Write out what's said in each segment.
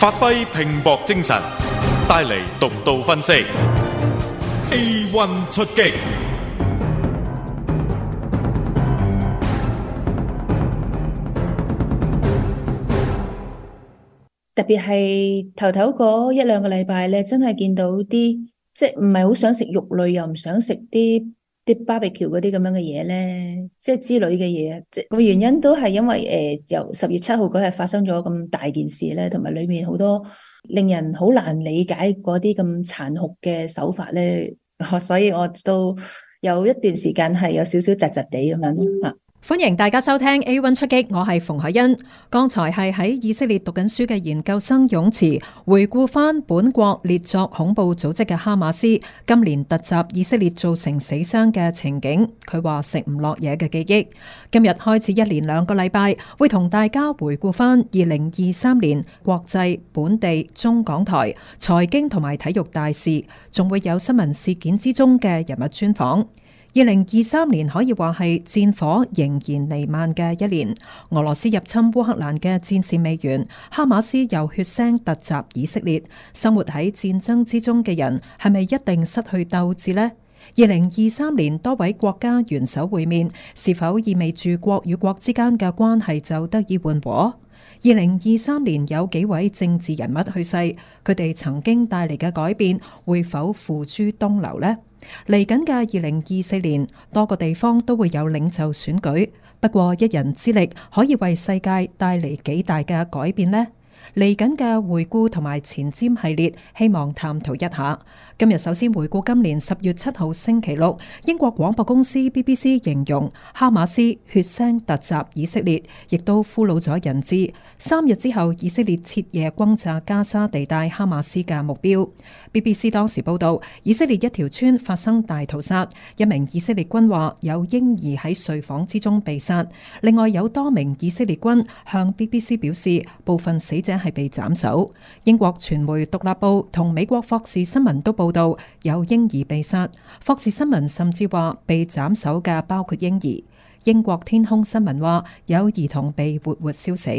發揮拼搏精神，帶嚟獨到分析。A one 出擊，特別係頭頭嗰一兩個禮拜咧，真係見到啲即係唔係好想食肉類，又唔想食啲。啲 barbecue 嗰啲咁樣嘅嘢咧，即係、就是、之類嘅嘢，即個原因都係因為誒、呃、由十月七號嗰日發生咗咁大件事咧，同埋裏面好多令人好難理解嗰啲咁殘酷嘅手法咧，所以我都有一段時間係有少少窒窒地咁樣咯嚇。啊。歡迎大家收聽 A One 出擊，我係馮凱欣。剛才係喺以色列讀緊書嘅研究生佣慈回顧翻，本國列作恐怖組織嘅哈馬斯今年突襲以色列造成死傷嘅情景，佢話食唔落嘢嘅記憶。今日開始一連兩個禮拜，會同大家回顧翻二零二三年國際、本地、中港台財經同埋體育大事，仲會有新聞事件之中嘅人物專訪。二零二三年可以話係戰火仍然彌漫嘅一年，俄羅斯入侵烏克蘭嘅戰事未完，哈馬斯又血腥突襲以色列。生活喺戰爭之中嘅人，係咪一定失去鬥志呢？二零二三年多位國家元首會面，是否意味住國與國之間嘅關係就得以緩和？二零二三年有幾位政治人物去世，佢哋曾經帶嚟嘅改變會否付諸東流呢？嚟緊嘅二零二四年，多個地方都會有領袖選舉，不過一人之力可以為世界帶嚟幾大嘅改變呢？嚟緊嘅回顧同埋前瞻系列，希望探討一下。今日首先回顧今年十月七號星期六，英國廣播公司 BBC 形容哈馬斯血腥突襲以色列，亦都俘虜咗人質。三日之後，以色列徹夜轟炸加沙地帶哈馬斯嘅目標。BBC 當時報道，以色列一條村發生大屠殺，一名以色列軍話有嬰兒喺睡房之中被殺，另外有多名以色列軍向 BBC 表示，部分死者係被斬首，英國傳媒《獨立報》同美國《霍士新聞》都報道有嬰兒被殺，《霍士新聞》甚至話被斬首嘅包括嬰兒。英國天空新聞話有兒童被活活燒死。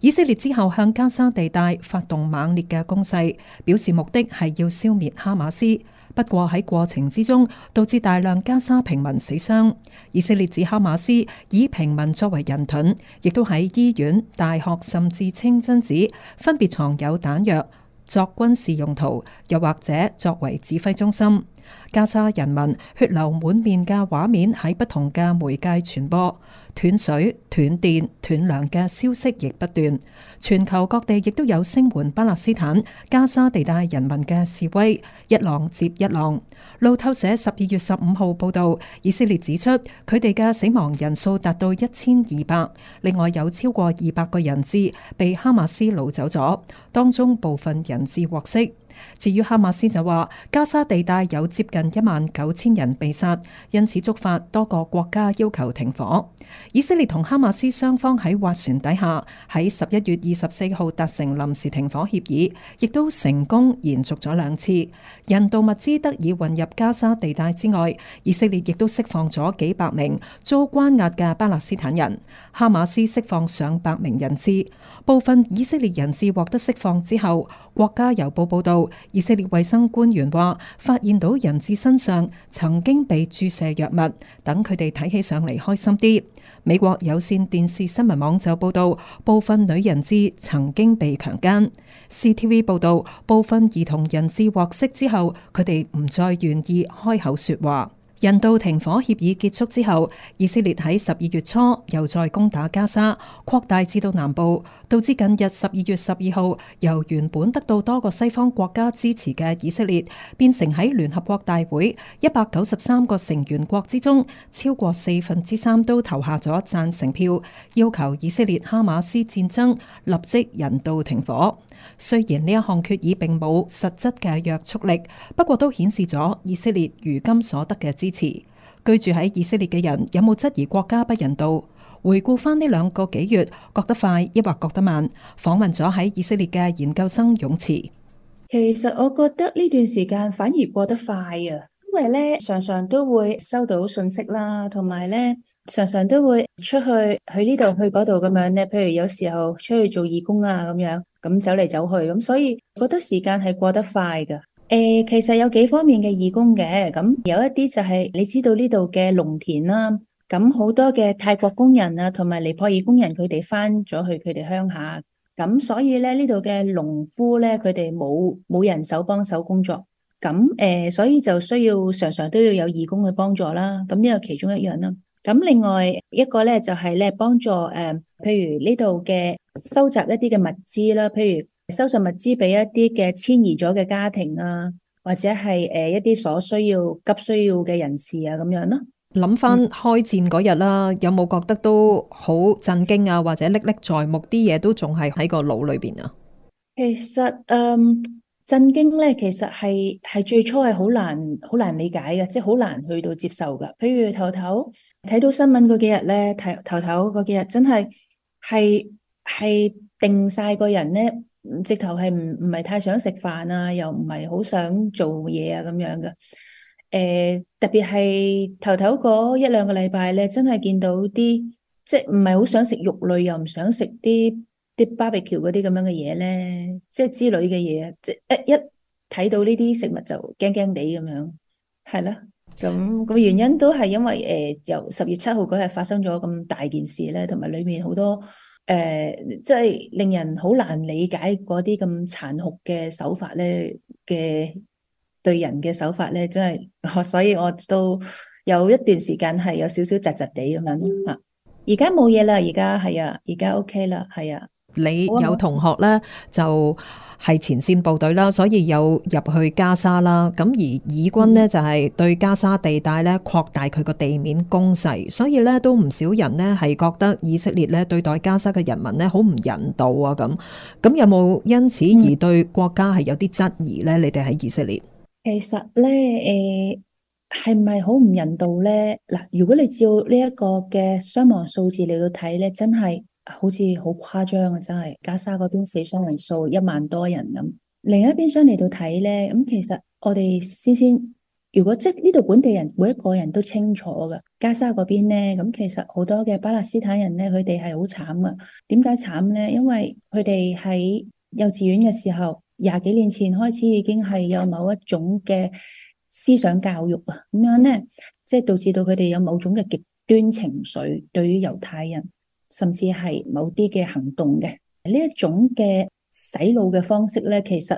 以色列之後向加沙地帶發動猛烈嘅攻勢，表示目的係要消滅哈馬斯。不過喺過程之中，導致大量加沙平民死傷。以色列指哈馬斯以平民作為人盾，亦都喺醫院、大學甚至清真寺分別藏有彈藥，作軍事用途，又或者作為指揮中心。加沙人民血流滿面嘅畫面喺不同嘅媒介傳播，斷水、斷電、斷糧嘅消息亦不斷。全球各地亦都有聲援巴勒斯坦、加沙地帶人民嘅示威，一浪接一浪。路透社十二月十五號報道，以色列指出佢哋嘅死亡人數達到一千二百，另外有超過二百個人質被哈馬斯擄走咗，當中部分人質獲釋。至於哈馬斯就話，加沙地帶有接近一萬九千人被殺，因此觸發多個國家要求停火。以色列同哈馬斯雙方喺斡旋底下喺十一月二十四號達成臨時停火協議，亦都成功延續咗兩次。人道物資得以混入加沙地帶之外，以色列亦都釋放咗幾百名遭關押嘅巴勒斯坦人，哈馬斯釋放上百名人質。部分以色列人質獲得釋放之後，國家郵報報道，以色列衛生官員話發現到人質身上曾經被注射藥物，等佢哋睇起上嚟開心啲。美國有線電視新聞網就報道，部分女人質曾經被強姦。CTV 報道，部分兒童人質獲釋之後，佢哋唔再願意開口說話。人道停火協議結束之後，以色列喺十二月初又再攻打加沙，擴大至到南部，導致近日十二月十二號由原本得到多個西方國家支持嘅以色列，變成喺聯合國大會一百九十三個成員國之中，超過四分之三都投下咗贊成票，要求以色列哈馬斯戰爭立即人道停火。雖然呢一項決議並冇實質嘅約束力，不過都顯示咗以色列如今所得嘅支持。居住喺以色列嘅人有冇質疑國家不人道？回顧翻呢兩個幾月，覺得快抑或覺得慢？訪問咗喺以色列嘅研究生，佣慈。其實我覺得呢段時間反而過得快啊，因為咧常常都會收到信息啦，同埋咧常常都會出去去呢度去嗰度咁樣咧。譬如有時候出去做義工啊，咁樣。咁走嚟走去，咁所以覺得時間係過得快㗎。誒、呃，其實有幾方面嘅義工嘅。咁有一啲就係、是、你知道呢度嘅農田啦，咁好多嘅泰國工人啊，同埋尼泊爾工人佢哋返咗去佢哋鄉下，咁所以咧呢度嘅農夫咧佢哋冇冇人手幫手工作，咁誒、呃，所以就需要常常都要有義工去幫助啦。咁呢個其中一樣啦。咁另外一個咧就係、是、咧幫助誒、呃，譬如呢度嘅。收集一啲嘅物資啦，譬如收集物資俾一啲嘅遷移咗嘅家庭啊，或者係誒一啲所需要急需要嘅人士啊，咁樣咯。諗翻開戰嗰日啦，有冇覺得都好震驚啊？或者歷歷在目啲嘢，都仲係喺個腦裏邊啊、嗯？其實誒，震驚咧，其實係係最初係好難好難理解嘅，即係好難去到接受㗎。譬如頭頭睇到新聞嗰幾日咧，頭頭嗰幾日真係係。係定晒個人咧，直頭係唔唔係太想食飯啊，又唔係好想做嘢啊，咁樣嘅。誒、呃，特別係頭頭嗰一兩個禮拜咧，真係見到啲即係唔係好想食肉類，又唔想食啲啲 barbecue 嗰啲咁樣嘅嘢咧，即係之類嘅嘢，即係一一睇到呢啲食物就驚驚地咁樣，係啦。咁咁、個、原因都係因爲誒、呃、由十月七號嗰日發生咗咁大件事咧，同埋裏面好多。誒，即係、呃就是、令人好難理解嗰啲咁殘酷嘅手法咧嘅對人嘅手法咧，真、就、係、是，所以我都有一段時間係有少少窒窒地咁樣咯吓，而家冇嘢啦，而家係啊，而家 OK 啦，係啊。你有同學咧，就係前線部隊啦，所以有入去加沙啦。咁而以軍呢，就係對加沙地帶咧擴大佢個地面攻勢，所以咧都唔少人呢係覺得以色列咧對待加沙嘅人民呢好唔人道啊！咁咁有冇因此而對國家係有啲質疑呢？你哋喺以色列，其實咧誒係咪好唔人道咧？嗱，如果你照呢一個嘅傷亡數字嚟到睇咧，真係。好似好誇張啊！真係加沙嗰邊死傷人數一萬多人咁，另一邊想嚟到睇咧，咁其實我哋先先，如果即係呢度本地人每一個人都清楚噶，加沙嗰邊咧，咁其實好多嘅巴勒斯坦人咧，佢哋係好慘噶。點解慘咧？因為佢哋喺幼稚園嘅時候，廿幾年前開始已經係有某一種嘅思想教育啊，咁樣咧，即係導致到佢哋有某種嘅極端情緒，對於猶太人。甚至係某啲嘅行動嘅呢一種嘅洗腦嘅方式咧，其實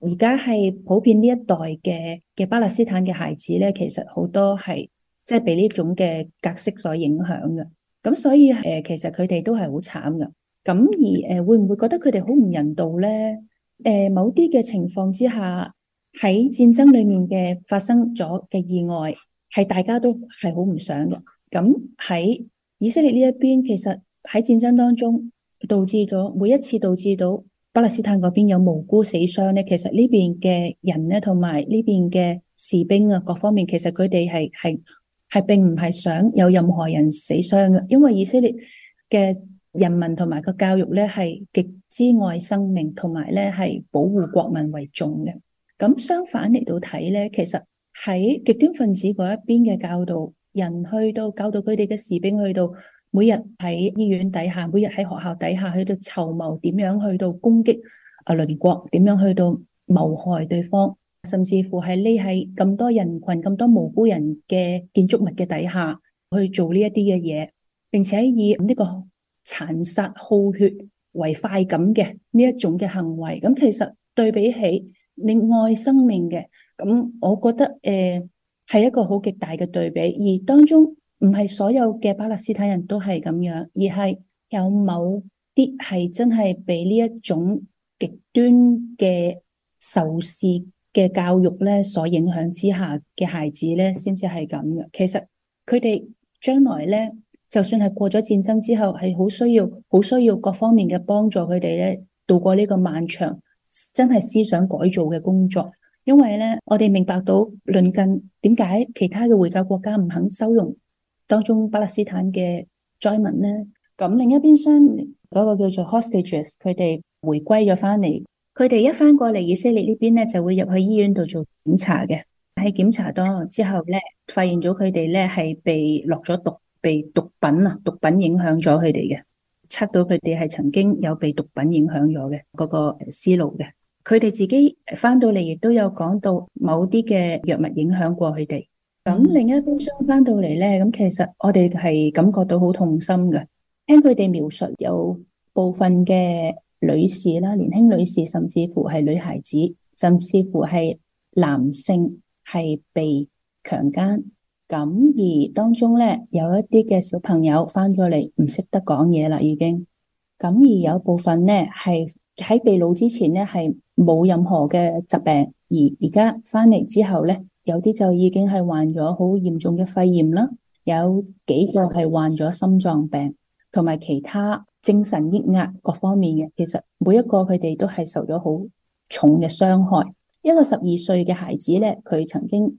而家係普遍呢一代嘅嘅巴勒斯坦嘅孩子咧，其實好多係即係俾呢種嘅格式所影響嘅。咁所以誒、呃，其實佢哋都係好慘噶。咁而誒、呃，會唔會覺得佢哋好唔人道咧？誒、呃，某啲嘅情況之下喺戰爭裏面嘅發生咗嘅意外，係大家都係好唔想嘅。咁喺。以色列呢一邊其實喺戰爭當中導致咗，每一次導致到巴勒斯坦嗰邊有無辜死傷咧，其實呢邊嘅人咧，同埋呢邊嘅士兵啊各方面，其實佢哋係係係並唔係想有任何人死傷嘅，因為以色列嘅人民同埋個教育咧係極之愛生命，同埋咧係保護國民為重嘅。咁相反嚟到睇咧，其實喺極端分子嗰一邊嘅教導。人去到，搞到佢哋嘅士兵去到，每日喺醫院底下，每日喺學校底下，去到籌謀點樣去到攻擊啊，鄰國點樣去到謀害對方，甚至乎係匿喺咁多人群，咁多無辜人嘅建築物嘅底下去做呢一啲嘅嘢，並且以呢個殘殺、耗血，為快感嘅呢一種嘅行為，咁其實對比起你愛生命嘅，咁我覺得誒。呃係一個好極大嘅對比，而當中唔係所有嘅巴勒斯坦人都係咁樣，而係有某啲係真係被呢一種極端嘅仇視嘅教育咧所影響之下嘅孩子咧，先至係咁嘅。其實佢哋將來咧，就算係過咗戰爭之後，係好需要、好需要各方面嘅幫助呢，佢哋咧度過呢個漫長真係思想改造嘅工作。因為咧，我哋明白到鄰近點解其他嘅回教國家唔肯收容當中巴勒斯坦嘅災民咧？咁另一邊廂嗰個叫做 hostages，佢哋回歸咗翻嚟，佢哋一翻過嚟以色列邊呢邊咧，就會入去醫院度做檢查嘅。喺檢查到之後咧，發現咗佢哋咧係被落咗毒，被毒品啊，毒品影響咗佢哋嘅，測到佢哋係曾經有被毒品影響咗嘅嗰個思路嘅。佢哋自己翻到嚟亦都有講到某啲嘅藥物影響過佢哋。咁另一邊廂翻到嚟咧，咁其實我哋係感覺到好痛心嘅。聽佢哋描述，有部分嘅女士啦、年輕女士，甚至乎係女孩子，甚至乎係男性係被強姦。咁而當中咧，有一啲嘅小朋友翻咗嚟唔識得講嘢啦，已經。咁而有部分咧係喺被擄之前咧係。冇任何嘅疾病，而而家翻嚟之後咧，有啲就已經係患咗好嚴重嘅肺炎啦，有幾個係患咗心臟病，同埋其他精神抑壓，各方面嘅。其實每一個佢哋都係受咗好重嘅傷害。一個十二歲嘅孩子咧，佢曾經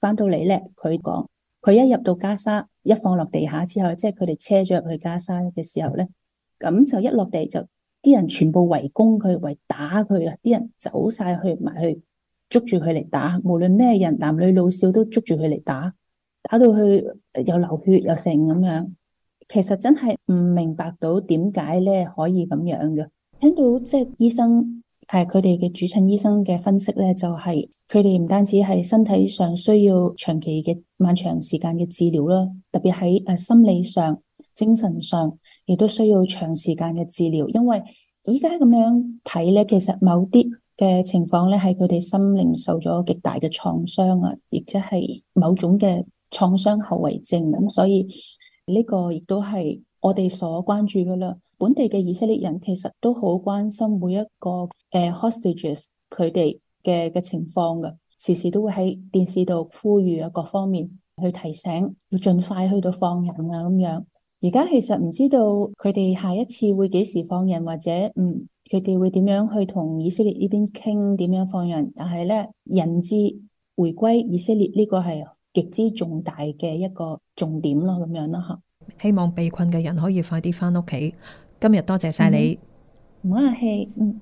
翻到嚟咧，佢講佢一入到加沙，一放落地下之後，即係佢哋車咗入去加沙嘅時候咧，咁就一落地就。啲人全部圍攻佢，圍打佢啊！啲人走晒去埋去捉住佢嚟打，無論咩人，男女老少都捉住佢嚟打，打到佢又流血又成咁樣。其實真係唔明白到點解咧可以咁樣嘅。 聽到即係、就是、醫生係佢哋嘅主診醫生嘅分析咧，就係佢哋唔單止係身體上需要長期嘅漫長時間嘅治療啦，特別喺誒心理上、精神上。亦都需要長時間嘅治療，因為依家咁樣睇咧，其實某啲嘅情況咧，係佢哋心靈受咗極大嘅創傷啊，亦即係某種嘅創傷後遺症咁，所以呢個亦都係我哋所關注噶啦。本地嘅以色列人其實都好關心每一個誒 hostages 佢哋嘅嘅情況噶，時時都會喺電視度呼籲啊，各方面去提醒要盡快去到放人啊，咁樣。而家其實唔知道佢哋下一次會幾時放人，或者嗯，佢哋會點樣去同以色列呢邊傾點樣放人？但係咧，人質回歸以色列呢個係極之重大嘅一個重點咯，咁樣咯吓。希望被困嘅人可以快啲翻屋企今日多謝晒你，唔、嗯、客氣，嗯。